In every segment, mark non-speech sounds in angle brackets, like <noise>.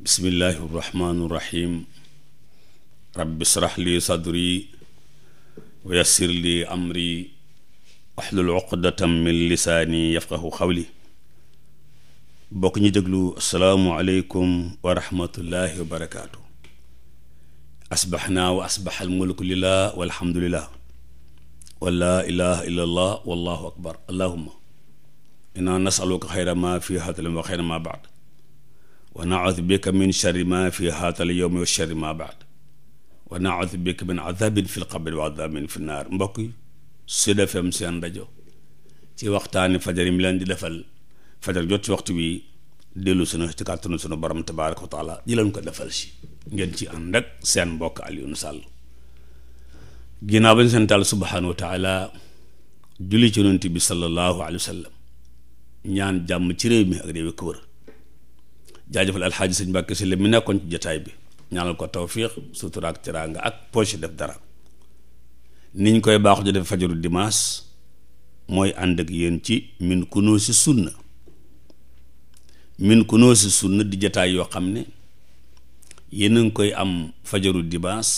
bismillahi irrahmaani irrahim rabbi israh li sadri wa yassir li amri ahlul uqdatam min lisaani yafqahu xawli bokk ñu déglu asalaamualeykum wa rahmatullahi wa barakaatu asbaxnaa wa asbax almulku lillah walhamdulillah wa laa ilaha illa allah wallahu akbar allahuma inna nasaluka xayra ma fi hadalam wa xayra ma baad wa naudu bika min sharri ma fi haatal yowmi wa sharri ma baad wa naudu bika min adabin fi lqabri wa adabin naar mbokk yi seen rajo ci waxtaani fajar yi mu leen di defal fajar jot ci waxtu wi dellu sunu ci kàttanu sunu borom tabaaraka wa taala di ko defal si ngeen ci ànd ak seen mbokk Alioune Sall ginnaaw ba ñu seen taal subhaanahu wa taala julli bi sallallahu alayhi wa ñaan jàmm ci réew mi ak réew yi ko jaajëfal alxaaji sëñ Mbàkke si mi nekkoon ci jataay bi ñaanal ko tawfiix sutura ak teraanga ak poche def dara niñ koy baaxu ji def fajaru dimanche mooy ànd ak yéen ci min kunoo si sunna min kunoo si sunna di jataay yoo xam ne yéen a ngi koy am fajaru dimanche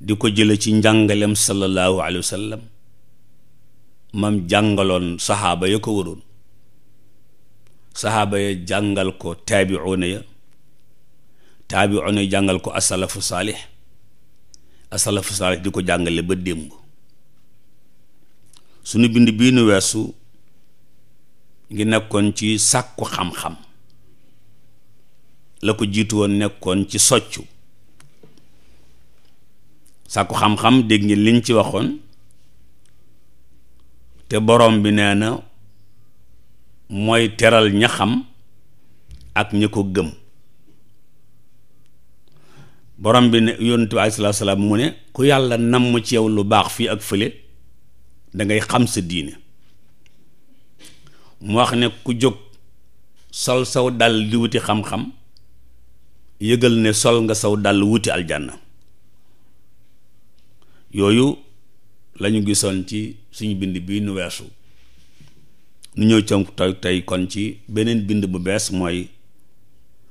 di ko jële ci njàngalem sallallahu alayhi wa sallam mam jàngaloon saxaaba ya ko waroon saxaaba ya jàngal ko taabiuuna ya taabiuuna ya jàngal ko asalafu saalix asalafu saalix di ko jàngale ba démb sunu bind bii nu weesu ngi nekkoon ci sàkku xam-xam la ko jiitu woon nekkoon ci soccu sàkku xam-xam dégg ngeen liñ ci waxoon te borom bi nee na mooy teral ña xam ak ña ko gëm borom bi ne yonent bi aleyhi salaatu salaam mu ne ku yàlla namm ci yow lu baax fii ak fële dangay xam sa diine mu wax ne ku jóg sol saw dàll di wuti xam-xam yëgal ne sol nga saw dàll wuti aljanna yooyu lañu gisoon ci suñu bind bii nu weesu nu ñëw ci tey tey kon ci beneen bind bu bees mooy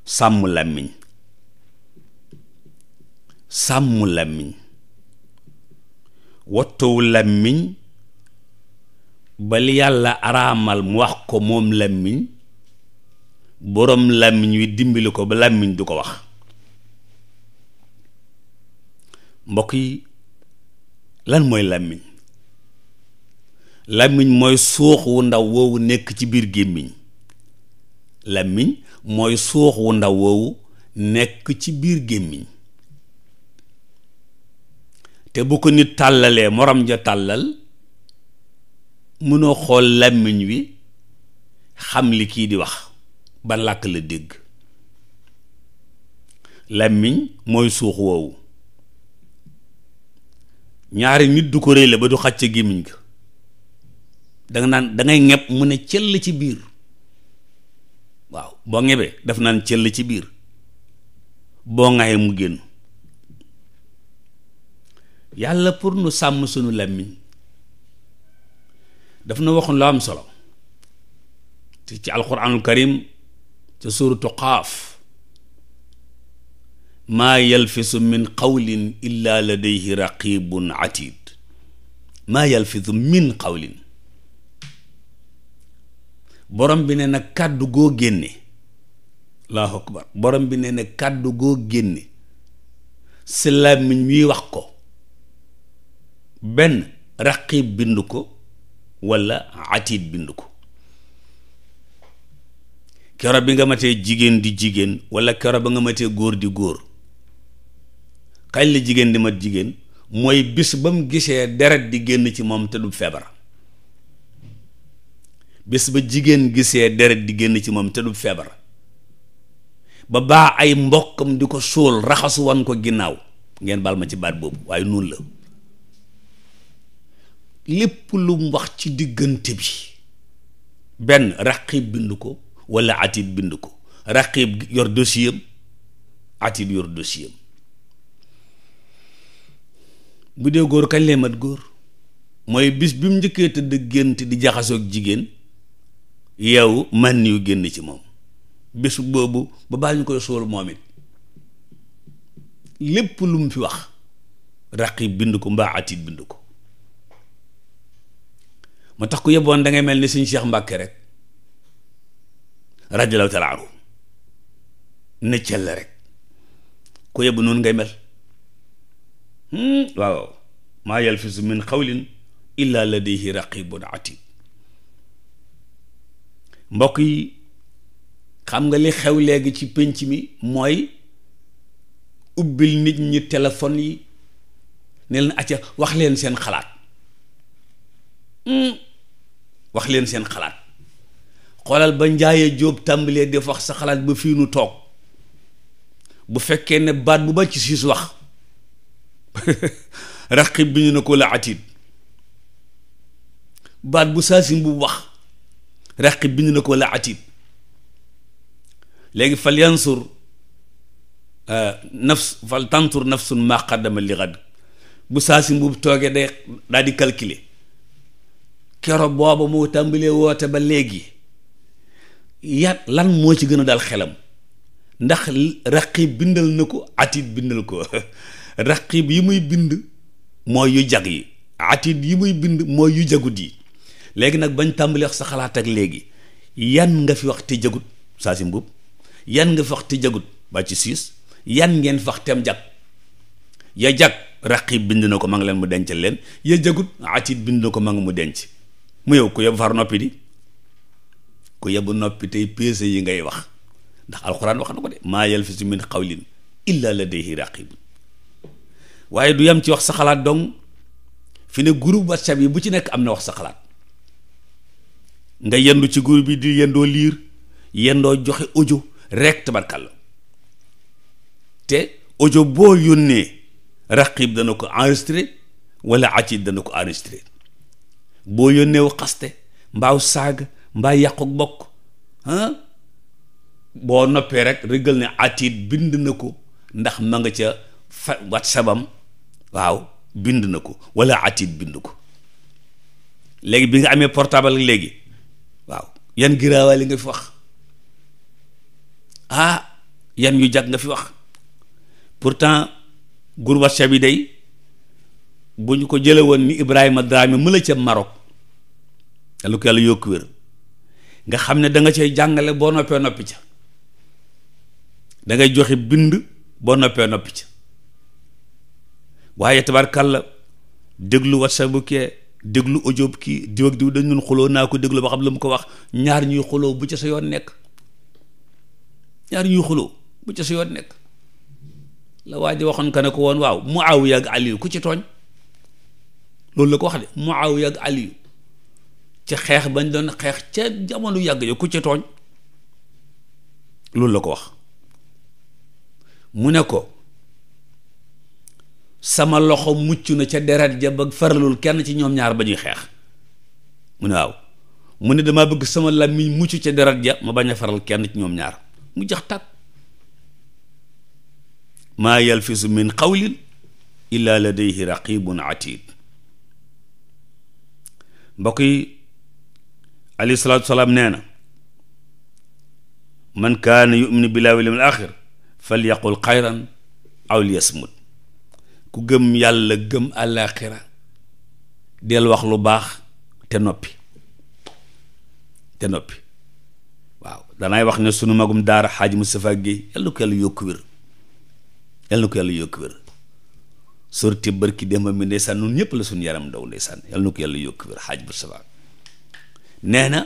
sàmm làmmiñ sàmm làmmiñ wattuwu làmmiñ ba yàlla araamal mu wax ko moom làmmiñ boroom làmmiñ wi dimbali ko ba làmmiñ du ko wax mbokk yi lan mooy làmmiñ làmmiñ mooy suux wu ndaw woowu nekk ci biir gémmiñ làmmiñ mooy suux wu ndaw woowu nekk ci biir gémmiñ te bu ko nit tàllalee morom ja tàllal mënoo xool làmmiñ wi xam li kii di wax ba làkk la dégg làmmiñ mooy suux woowu ñaari nit du ko réyle ba du xàcc gémmiñ ga da nga naan da ngay mu ne cëll ci biir waaw boo ñebee daf naan cëll ci biir boo ŋaayee mu génn yàlla pour nu sàmm sunu làmmiñ daf na waxoon lu am solo te ci alquranul karim ci suuratu qaaf maa yalfisu min qawlin illa ladayhi raqibun atid maa yalfisu min qawlin borom bi ne nag kàddu goo génne allahu akbar borom bi ne na kàddu goo génne si muy wax ko benn raqib bind ko walla atiid bind ko kero bi nga matee jigéen di jigéen walla kero ba nga matee góor di góor kañ la jigéen di ma jigéen mooy bis ba mu gisee deret di génn ci moom te du feebar bis ba jigéen gisee deret di génn ci moom te du feebar ba baa ay mbokkam di ko suul raxasu wan ko ginnaaw ngeen baal ma ci baat boobu waaye noonu la lépp lu mu wax ci diggante bi benn raqib bind ko wala atib bind ko raqib yor dossier am yor dossier bu dee góor kañ lay mat góor mooy bis bi mu njëkkee tëdd gént di jaxasoog jigéen yow man yu génn ci moom bés boobu ba baa ñu koy sóol moom it lépp lu mu fi wax raqib bind ko mbaa atit bind ko moo tax ku yeboon da mel ni suñ Cheikh Mbàkke rek radiyallaahu taala anhu ne cell rek ku yebu noonu ngay mel hmm? waaw maa yalfisu min qawlin illa ladayhi raqibun atid mbokk yi xam nga li xew léegi ci pénc mi mooy ubbil nit ñi téléphone yi ne leen acca wax leen seen xalaat hmm. wax leen seen xalaat xoolal ba njaayee jóob tàmbalee def wax sa xalaat ba fii nu toog bu fekkee ne baat bu ba ci siis wax <laughs> raqib bi ñu ne ko la atit baat bu saasin bu wax raqib bind na ko wala atid léegi fal yansur euh, nafs fal tantur nafsun ma qaddama li bu saa si mbuub toogee day daal di calculer kero booba moo tàmbalee woote ba léegi yat lan moo ci gën a daal xelam ndax raqib bindal na ko atid bindal ko <laughs> raqib yi muy bind mooy yu jag yi atid yi muy bind mooy yu jagut yi léegi nag bañ tàmbali wax sa xalaat ak léegi yan nga fi wax te jagut saa si mbub yan nga fi wax te jagut ba ci siis yan ngeen fax tem jag ya jag raqib bind na ko ma ngi leen mu denc leen ya jagut atit bind na ko ma ngi mu denc mu yow ku yeb far noppi di ku yebu noppi tey peese yi ngay wax ndax alxuraan wax na ko de maa yalfisu min qawlin illa ladayhi raqib waaye du yam ci wax sa xalaat dong fi ne groupe whatsapp yi bu ci nekk am na wax sa xalaat nga yendu ci groupe bi di yendoo liir yendoo joxe ojo rek tabarkàlla te ojo boo yónnee raqib dana ko enregistré wala acid dana ko enregistré boo yónnee xaste mbaaw saag mbaa yàquk bokk ah, boo noppee rek rëggal ne acid bind na ko ndax ma nga ca fa whatsapp am waaw bind na ko wala acid bind ko léegi bi nga amee portable léegi yan li nga fi wax ah yan yu jag nga fi wax pourtant groupe WhatsApp bi day bu ñu ko jële woon ni Ibrahima Dramé mu la ca Maroc yàlla ko yàlla yokku wér nga xam ne danga nga jàngale boo noppee noppi ca dangay ngay joxe bind boo noppee noppi ca waaye tabarkàlla déglu WhatsApp bu déglu audio kii diw ak diw dañ doon xuloo naa ko déglu ba xam la mu ko wax ñaar ñuy xuloo bu ca sa yoon nekk ñaar ñuy xuloo bu ca sa yoon nekk la waa ji waxoon ka ne ko woon waaw Muawiya ak Aliyu ku ci tooñ loolu la ko wax de Muawiya ak Aliyu ci xeex bañ doon xeex ca jamono yàgg ya ku ci tooñ loolu la ko wax mu ne ko sama loxo mucc na ca deret ja ba faralul kenn ci ñoom ñaar ba ñuy xeex mu ne waaw mu ne damaa bëgg sama làmmiñ mucc ca deret ja ma bañ a faral kenn ci ñoom ñaar mu jax takk maa yalfisu min qawlin illa ladayhi raqibun atid mbokk yi alayhi salaatu salaam nee na man kaana yuminu billahi wal yawmil axir falyaqul xayran aw liyasmut ku gëm yàlla gëm àllaaxira del wax lu baax te noppi te noppi waaw danaay wax ne sunu magum daara xaaj Moustapha Guèye yàlla na ko yàlla yokku wér yàlla na ko yàlla yokku wér sorti barki ñëpp la suñu yaram daw ndeysaan yàlla na ko yàlla yokku wér xaaj Moustapha nee na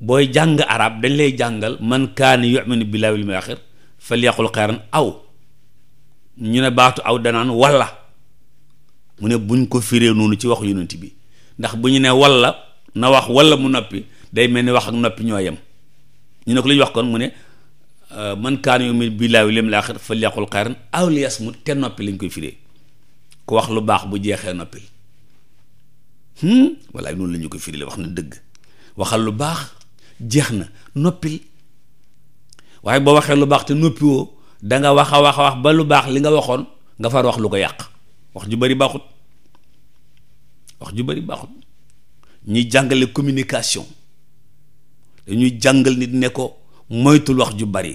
booy jàng arab dañ lay jàngal man kaana yuminu billaahi wal yawmil aaxir falyaqul xayran aw ñu ne baatu aw danaan walla mu ne buñ ko firee noonu ci wax yonent bi ndax bu ñu ne walla na wax walla mu noppi day mel ni wax ak noppi ñoo yem ñu ne ko li ñu wax kon mu ne euh, man kaana yu'minu billaahi wal yawmil aaxir falyaqul xayran aw liyasmut te noppi lañ koy firee ku wax lu baax bu jeexee noppi hmm? walaay noonu lañu ko firi la wax na dëgg waxal lu baax jeex na noppil waaye boo waxee lu baax te noppiwoo danga nga wax a wax a wax ba lu baax li nga waxoon nga far wax lu ko yàq wax ju bari baaxut wax ju bari baaxut ñuy jàngale communication dañuy jàngal nit ne ko moytul wax ju bari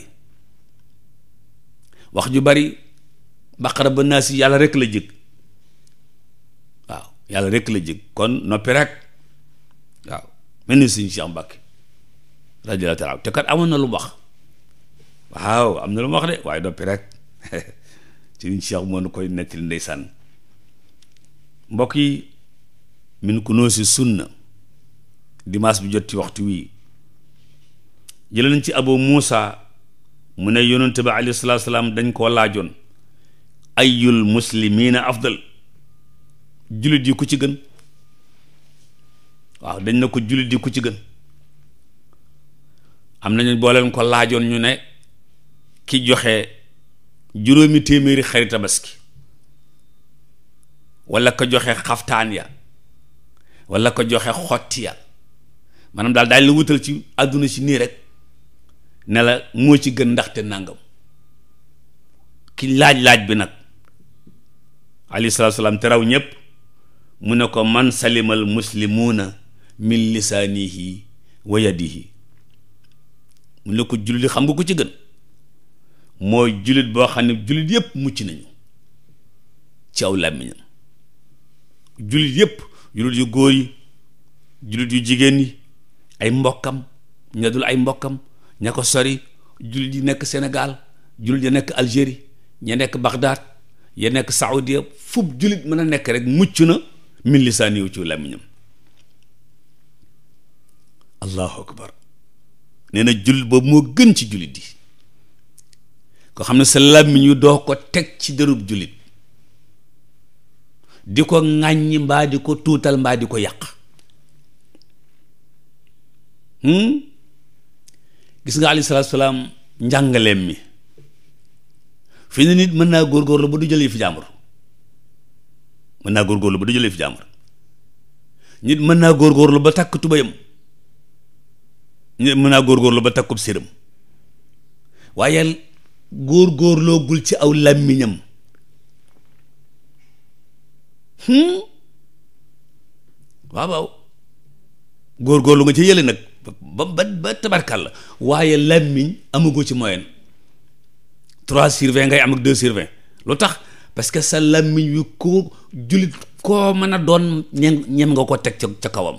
wax ju bari baqara ba naa si yàlla rekk la jëg waaw yàlla rekk la jëg kon noppi rek waaw mel ni suñu Cheikh Mbacke radiyallahu taala te kat amoon na lu wax waaw am na lu ma wax de waaye doppi rek <laughs> sëriñ Cheikh moo nu koy nettali ndeysaan mbokk yi min ku noo si sunna dimaas bi jot ci waxtu wii jëlee nañ ci abu muusa mu ne yonente bi alayhi salaatu salaam dañ koo laajoon ayul muslimiina afdal jullit yi ku ci gën waaw dañ na ko jullit yi ku ci gën am nañu boo leen ko laajoon ñu ne ki joxe juróomi téeméeri xari tabaski wala ko joxe xaftaan ya walla ko joxe xotti ya maanaam daal daal la wutal ci àdduna si nii rek nela la moo ci gën ndaxte nàngam ki laaj-laaj bi nag alayhi salaatu te raw ñépp mu ne ko man salimal muslimuuna min lisaanihi wa yadihi mu ne ko julli xam nga ko ci gën mooy jullit boo xam ne jullit yëpp mucc nañu ci aw làmmiñam jullit yëpp jullit yu góor yi jullit yu jigéen yi ay mbokkam ña dul ay mbokkam ña ko sori jullit yi nekk senegaal jullit yi nekk algeri ña nekk Bagdad ya nekk Saoudia fub jullit mën a nekk rek mucc na min lisaani wu ci làmmiñam allahu akbar nee na jullit boobu moo gën ci jullit yi ko xam ne sa làmmiñ yu doo ko teg ci dërub jullit di ko ŋàññi mbaa di ko tuutal mbaa di ko yàq hmm? gis nga alayhi sa salaam njàngaleem mi fi ne nit mën naa góorgóorlu ba du jële fi jàmbur mën naa góorgóorlu ba du jëlee fi jàmbur nit mën naa góor góorlu ba takk tubayam nit mën naa góorgóorlu ba takkub séram waaye góor góorloogul ci aw làmmiñam hmm? waaw waaw góor góorlu nga ci yële nag ba ba tabarkal la waaye làmmiñ amagoo ci moyen trois sur vingt ngay am ak deux sur lu tax parce que sa làmmiñ wi ko jullit koo mën a doon ñem ñem nga ko teg ca kawam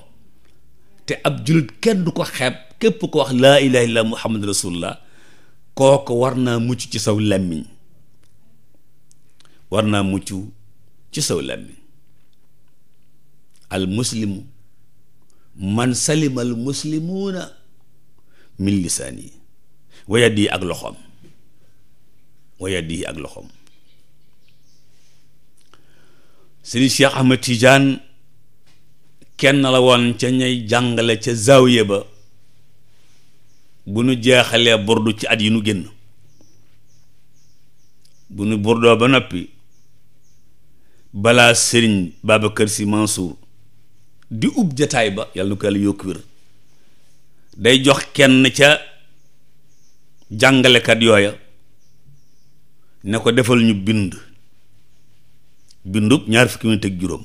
te ab jullit kenn du ko xeeb képp ko wax laa ilaha illallah muhammadu rasulullah kooko war naa mucc ci saw làmmiñ war naa mucc ci saw làmmiñ al muslimu man salima al muslimuuna min lisaan yi wayad yi ak loxoom wayad yi ak loxoom sëriñ Cheikh Ahmed Tidiane kenn la woon ca ñay jàngale ca zaawiya ba bu nu jeexalee burdu ci at yi nu génn bu nu burdoo ba noppi balaa sëriñ Babacar Sy Mansour di ub jataay ba yàlla na ko yàlla yokk day jox kenn ca jàngalekat yooya ne ko defal ñu bind bindub ñaar fukki minit ak juróom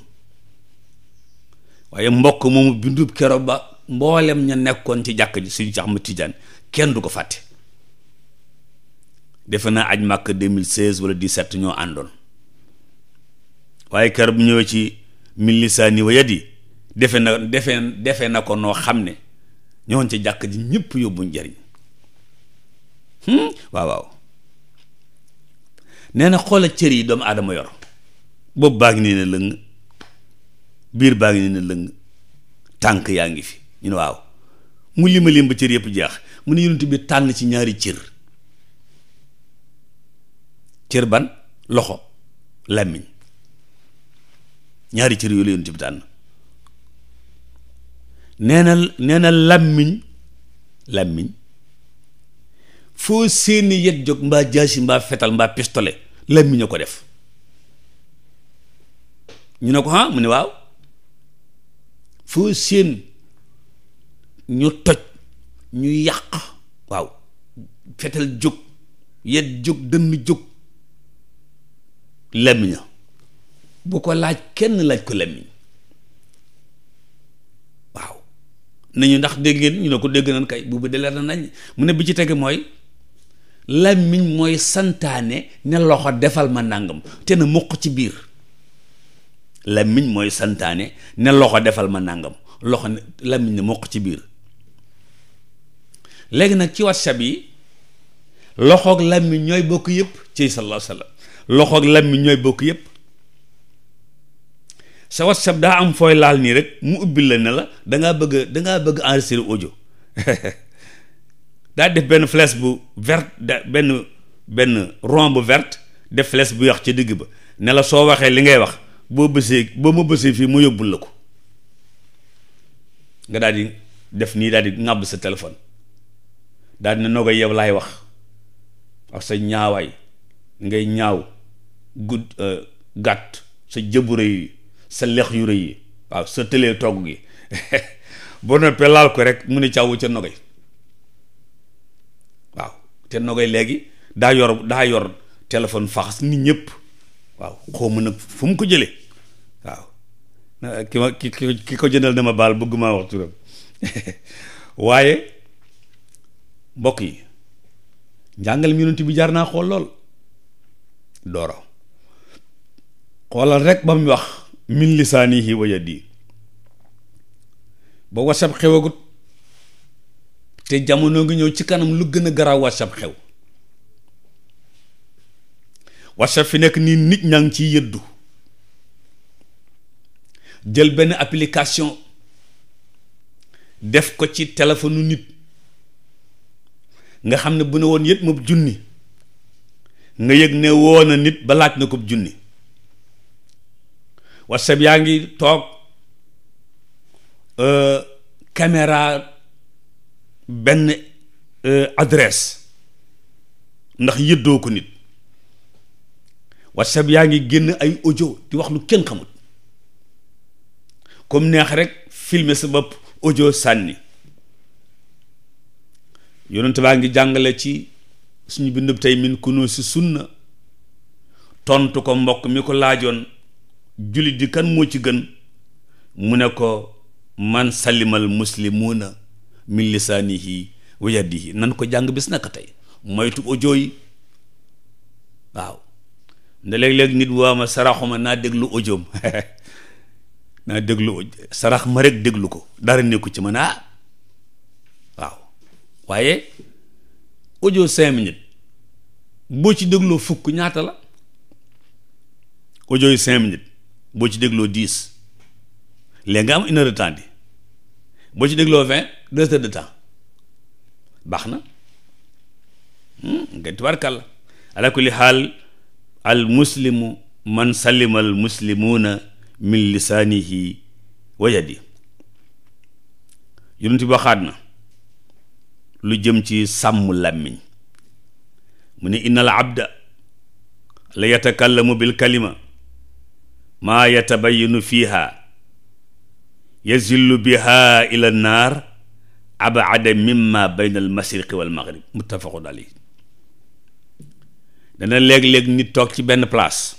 waaye mbokk moomu bindub kero ba mboolem ña nekkoon ci jàkk ji suñu ci xam Tijaan kenn du ko fàtte defe naa aj màkk 2016 wala 17 ñoo àndoon waaye kër bu ñëwee ci min lisaani wa yadi defe na defe na ko noo xam ne ñoon ci jàkk ji ñëpp yóbbuñ njariñ hmm? waaw waaw nee na xoola cër yi doomu aadama yor bopp baa ngi nee lëng biir baa ngi nee lëng tànk yaa ngi fi ñu ne waaw mu lima ba cër yëpp jeex mu ne yonent bi tànn ci ñaari cër cër ban loxo làmmiñ ñaari cër yooyu la yonent bi tànn nee na làmmiñ làmmiñ foo seeni yet jóg mbaa jaasi mbaa fetal mbaa pistolet làmmiñ ko def ñu ne ko ah mu ne waaw foo seen ñu toj ñu yàq waaw fetal jóg yet jóg dënn jóg lemiña bu ko laaj kenn laaj ko lemiñ waaw nañu ndax dégg ngeen ñu ne ko dégg nan kay buubu de leer na nañ mu ne bi ci tege mooy lamiñ mooy santaane ne loxo defal ma nangam te na muq ci biir lamiñ mooy santaane ne loxo defal ma nangam loxo ne lamiñ ne muq ci biir léegi nag ci whatsapp yi loxoog làmmiñ ñooy bokk yëpp ci sallallahu alayhi wa sallam loxoog làmmiñ ñooy bokk yëpp sa whatsapp daa am fooy laal nii rek mu ubbil la ne la dangaa bëgg dangaa bëgg enregistrer ojo <laughs> daa def benn flèche bu vert da benn benn rond bu verte def flèche bu yax ca digg ba ne la soo waxee li ngay wax boo bësee boo ma bësee fii mu yóbbul la ko nga daal di def nii daal di ŋàbb sa téléphone daal dina nogay laay wax ak sa ñaawaay ngay ñaaw gudd euh, gàtt sa jëbu rëy yi sa lex yu rëy yi waaw sa tëlee togg gi <laughs> boo noppee laal ko rek mu ne càwu ca nogay waaw te nogay léegi daa yor daa yor téléphone faxas nit ñëpp waaw xaw ma fu mu ko jële waaw ki ma ki ki ko jëndal na ma baal bëgg maa wax turam <laughs> waaye mbokk yi njàngalem yonent bi jaar naa xool lool dooro xoolal rek ba mu wax min lisaanihi wa yadi ba whatsapp xewagut te jamono ngi ñëw ci kanam lu gën a garaaw whatsapp xew whatsapp fi nekk nii nit ñaa ngi ciy yëddu jël benn application def ko ci téléphone nit nga xam ne bu ne woon yët moom junni nga yëg ne woo na nit ba laaj na ko junni whatsapp yaa ngi toog euh, caméra benn euh, adresse ndax yëddoo ko nit whatsapp yaa ngi génn ay audio di wax lu kenn xamut comme neex rek filmer sa bopp ojo sànni yonent baa ngi jàngale ci suñu bindub tey min kunoo si sunna tontu ko mbokk mi ko laajoon jullit di kan moo ci gën mu ne ko man salimal mi min lisaanihi wa yadihi nan ko jàng bis naka tey moytu audio yi waaw nda léeg-léeg nit waama saraxuma naa déglu audioom <laughs> naa déglu sarax ma rek déglu ko dara nekku ci man ah waaye audio cinq minutes boo ci dégloo fukk ñaata la audio yu cinq minutes boo ci dégloo diis léegi nga am une heure boo ci dégloo vingt deux heures de temps baax na hmm, nga tubaarkàlla ala al muslimu man salima al muslimuuna min lisaanihi wa yadi yonent bi waxaat na lu jëm ci sàmm làmmiñ mu ne innal abda la yatakallamu bil kalima maa yatabayinu fiiha yazillu biha ila naar abada mimma bayna al mashriqi wal maghrib muttafaqun alayh dana léeg-léeg nit toog ci benn place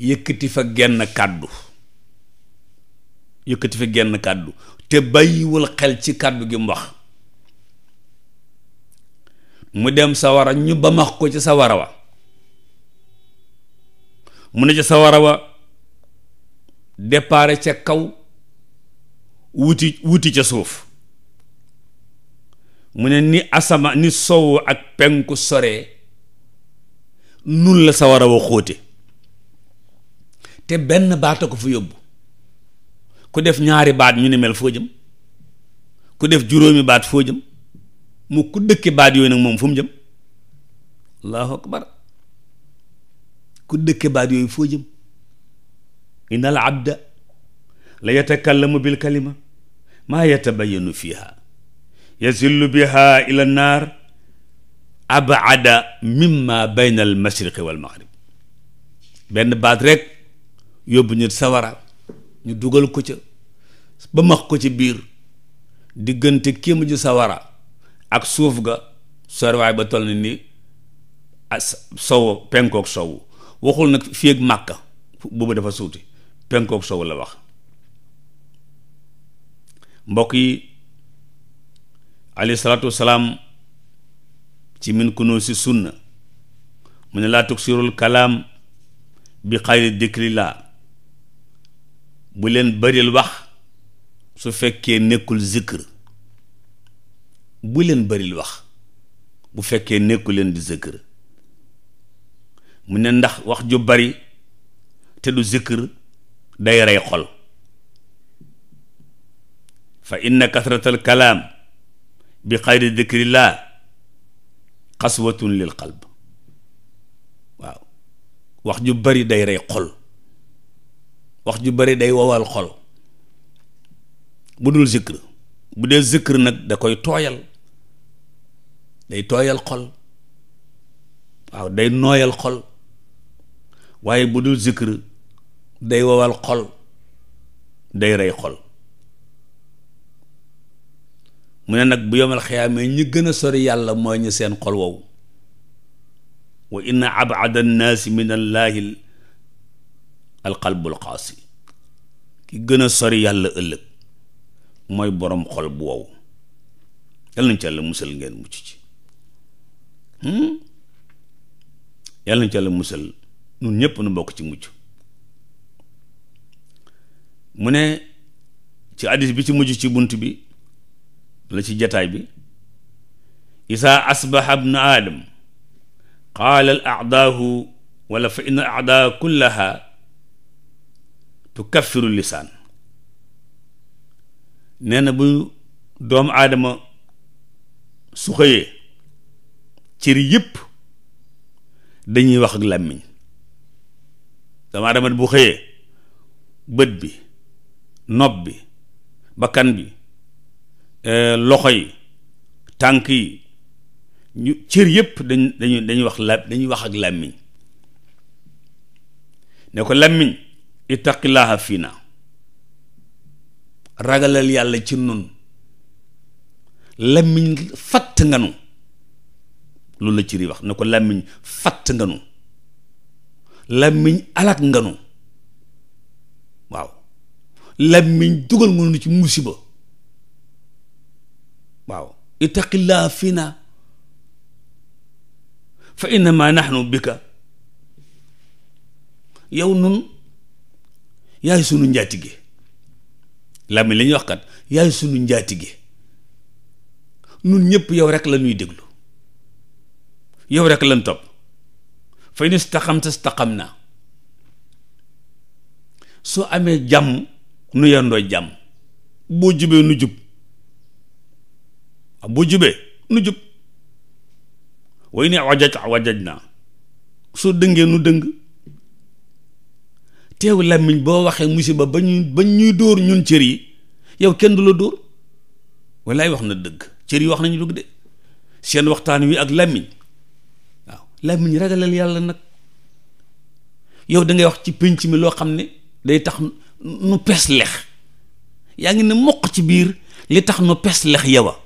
yëkkati fa genn kàddu yëkkati fa genn kàddu te bàyyiwul xel ci kàddu gi mu mu dem sawara ñu ba max ko ci sawara wa mu ne ca sawara wa départ ca kaw wuti wuti ca suuf mu ne ni asama ni sow ak penku sore nun la sawara wa xóote te benn baata ko fu yóbbu ku def ñaari baat ñu ne mel foo jëm ku def juróomi baat foo jëm mu ku dëkke baat yooyu nag moom fu mu jëm allahu akbar ku dëkke baat yooyu foo jëm inna al abda la yatakallamu bil kalima maa yatabayanu fiha yazillu biha ila nnaar abada mimma bayna al mashriqi wal maghrib benn baat rek yóbbu ñu sawara ñu dugal ko ca ba ko ci biir diggante kéemu ju sawara ak suuf ga soriwaay ba toll na ni as sow penkook sow waxul nag fii ak màkka boobu dafa suuti penkook sow la wax mbokk yi alayhi salaatu wasalaam ci min kunoo si sunna mu ne laa tuksirul kalaam bi xayri dikri laa bu leen bëril wax su fekkee nekkul zikr bu leen bari wax bu fekkee nekku leen di zëkkër mu ne ndax wax ju bari te du zëkkër day rey xol fa inna kasratal kalaam bi xayri dikrillah xaswatun lil qalb waaw wax ju bari day rey xol wax ju bari day wowal xol bu dul zikr bu dee zikr nag da koy tooyal day tooyal xol waaw day nooyal xol waaye bu dul zikr day wowal xol day rey xol mu ne nag bu yomal xiyaamee ñi gën a sori yàlla mooy ñu seen xol wow wa inna abada annaasi min allaahi alqalbul qaasi ki gën a sori yàlla ëllëg mooy boroom xol bu wow yal nañ ci yàlla musal ngeen mucc ci Hmm? yàlla na ci yàlla musal nun ñëpp nu bokk ci mucc mu ne ci hadiis bi ci mujj ci bunt bi la ci jataay bi isaa asbaxa bnu aadam qaala al aadaahu wala fa inna aadaa kullaha tukaffiru lisaan nee na bu doomu aadama su cër yëpp dañuy wax ak làmmiñ dama dama bu xëyee bët bi nopp bi bakkan bi euh, loxo yi tànk yi cër yëpp dañ dañuy wax la dañuy wax ak làmmiñ ne ko làmmiñ ittaqillaha fii na ragalal yàlla ci nun làmmiñ fatt nga nu loolu la ci wax ne ko làmmiñ fatt nga nu làmmiñ alak nga nu waaw làmmiñ dugal nga nu ci musiba waaw ittaqillaa fiina fa innama nahnu bika yow nun yaay sunu njaatige làmmiñ lañuy ñuy wax kat yaay sunu njaatige nun ñëpp yow rek la ñuy déglu yow rek lan topp fa in istaxamta istaxam na soo amee jàmm nu yendoo jàmm boo jubee nu jub boo jubee nu jub way ne wajaj wajaj naa soo dëngee nu dëng teewu làmmiñ boo waxee musiba ba ñuy dóor ñun cër yi yow kenn du la dóor wallaay wax na dëgg cër yi wax nañu dëgg de seen waxtaan wi ak làmmiñ làmmiñ ragalal yàlla nag yow dangay wax ci pénc mi loo xam ne day tax nu pes lex yaa ngi ne mokk ci biir li tax nu pes lex yow ah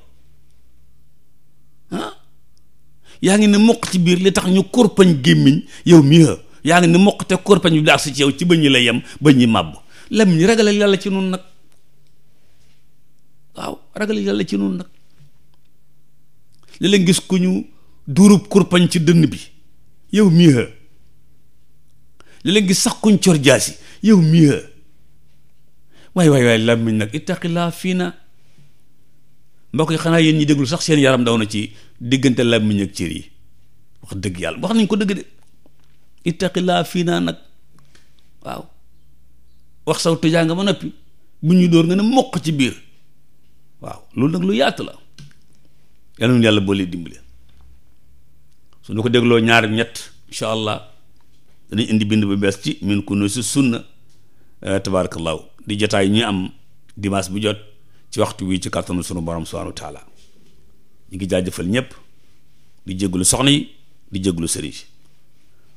yaa ngi ne mokk ci biir li tax ñu korpañ gémmiñ yow mi yaa ngi ne mokk te korpañ bi daa si ci yow ci bëñ yi la yem bëñ yi màbb làmmiñ ragalal yàlla ci nun nag waaw ragalal yàlla ci nun nag li leen gis ku ñu duurub kurpañ ci dënn bi yow mii ha léeg sax kuñ cor jaasi yow mii ha waay waay waay làmmiñ nag ittaqilaa fii na mbokk yi xanaa yéen ñi déglu sax seen yaram daw na ci diggante làmmiñ ak cër yi wax dëgg yàlla wax nañ ko dëgg de ittaqilaa fii naa nag waaw wax saw tëjaa nga ma noppi bu ñuy dóor nga ne mokk ci biir waaw loolu nag lu yaatu la yàlla nun yàlla boolee dimbale su ñu ko dégloo ñaar ñett incha allah danañ indi bind bu bees ci min ku nu si sunna eh, tabaarakallaahu di jotaay ñi am dimaas bu jot ci waxtu wi ci kàttanu sunu borom subhaanahu wa taala ñu ngi jaajëfal ñëpp di jégalu soxna yi di jégalu sëriñ si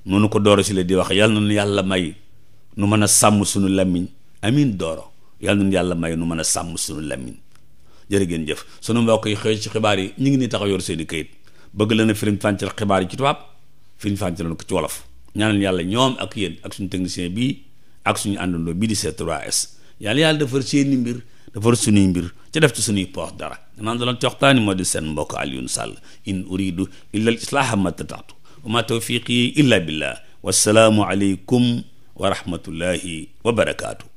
noonu ko dooro si la di wax yàlla na yàlla may nu mën a sàmm sunu làmmiñ amin dooro yàlla na yàlla may nu mën a sàmm sunu làmmiñ jërë ngeen jëf sunu mbokk yi xëy ci xibaar yi ñu ngi ni taxaw yor seen i kayit bëgg leen na firiñ fàncal xibaar yi ci tubaab firiñ fàncaloon ko ci wolof ñaanal yàlla ñoom ak yéen ak suñu technicien bii ak suñu àndandoo bii di C3S yàlla yàlla defar seeni mbir defar suñuy mbir ca def ci sunuy poos dara naan da loon ci waxtaani moo di seen mbokk Alioune Sall in uridu illa al islaha ma tataatu wa ma tawfiqi illa billah wassalaamu aleykum wa rahmatullahi wa barakaatu